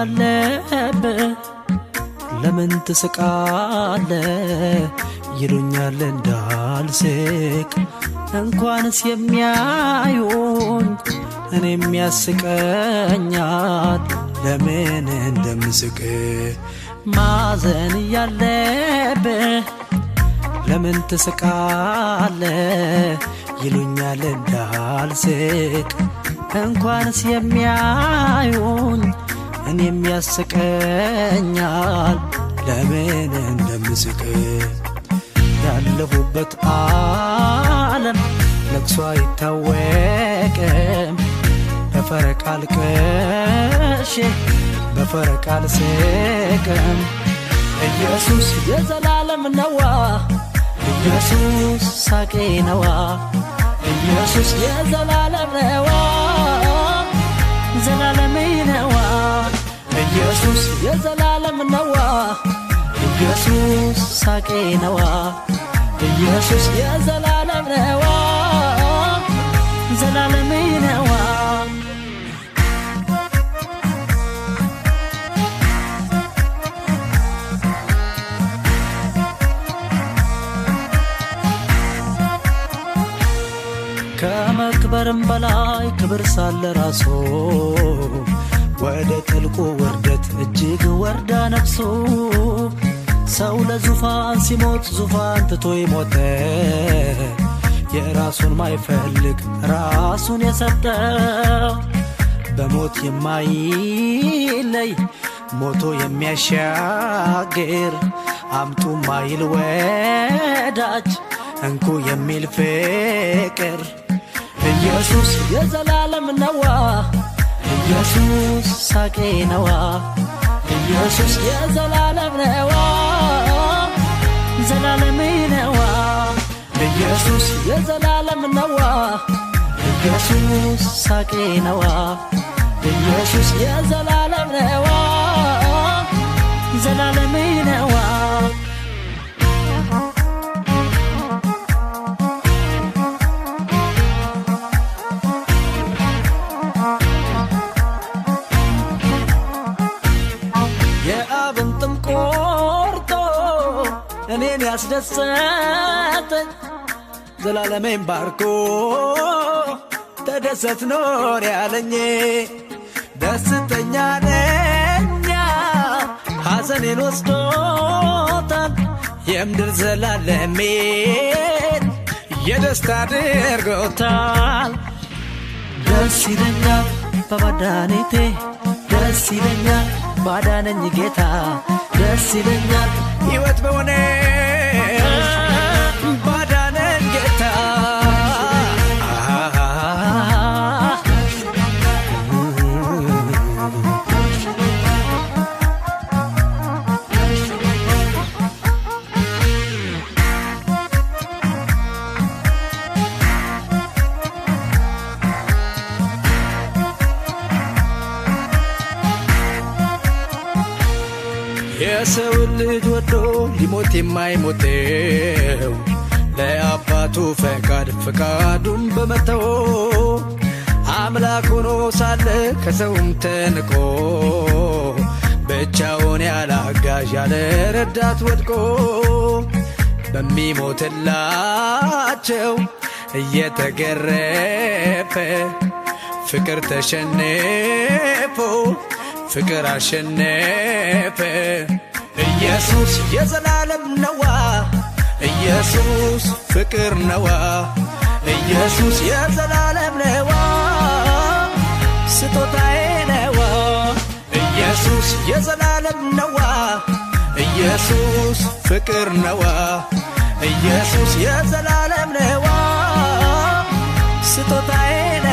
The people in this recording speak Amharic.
ያለብህ ለምን ትስቃለ ይሉኛል እንዳልስቅ እንኳንስ የሚያዩኝ እኔ የሚያስቀኛል ለምን እንደምስቅ ማዘን እያለብ ለምን ትስቃለ ይሉኛል እንዳልስቅ እንኳንስ የሚያዩኝ እኔም ያስቀኛል ለምን እንደምስቅ ያለሁበት ዓለም ለቅሶ አይታወቅም በፈረቃል ቅሼ በፈረቃል ስቅም ኢየሱስ የዘላለም ነዋ ኢየሱስ ሳቄ ነዋ ኢየሱስ የዘላለም ነዋ ኢየሱስ ሳቄ ነዋ፣ ኢየሱስ የዘላለም ነዋ፣ ዘላለም ነዋ። ከመክበርም በላይ ክብር ሳለ ራሱ ወደ ጥልቁ ውርደት እጅግ ወርዳ ነፍሶ ። ሰው ለዙፋን ሲሞት ዙፋን ትቶ ይሞተ የራሱን ማይፈልግ ራሱን የሰጠው በሞት የማይለይ ሞቶ የሚያሻግር አምጡ ማይል ወዳጅ እንኩ የሚል ፍቅር ኢየሱስ የዘላለም ነዋ ኢየሱስ ሳቄ ነዋ ኢየሱስ የዘላለም ነዋ የዘላለም ነዋ ኢየሱስ የዘላለም ነዋ ኢየሱስ ሳቄ ነዋ ኢየሱስ የዘላለም ነዋ አስደሰተ ዘላለሜን ባርኮ ተደሰት ኖር ያለኝ ደስተኛ ነኛ ሐዘኔን ወስዶታል የምድር ዘላለሜን የደስታ አድርጎታል። ደስ ይለኛል በመድኃኒቴ ደስ ይለኛል ባዳነኝ ጌታ ደስ ይለኛል ሕይወት በሆነ የሰውን ልጅ ወዶ ሊሞት የማይሞተው ለአባቱ ፈቃድ ፈቃዱን በመተው አምላክ ሆኖ ሳለ ከሰውም ተንቆ ብቻውን ያለ አጋዥ ያለ ረዳት ወድቆ በሚሞትላቸው እየተገረፈ ፍቅር ተሸነፎ ፍቅር አሸነፈ። ኢየሱስ የዘላለም ነዋ ኢየሱስ ፍቅር ነዋ ኢየሱስ የዘላለም ነዋ ስጦታዬ ነዋ ኢየሱስ የዘላለም ነዋ ኢየሱስ ፍቅር ነዋ ኢየሱስ የዘላለም ነዋ ስጦታዬ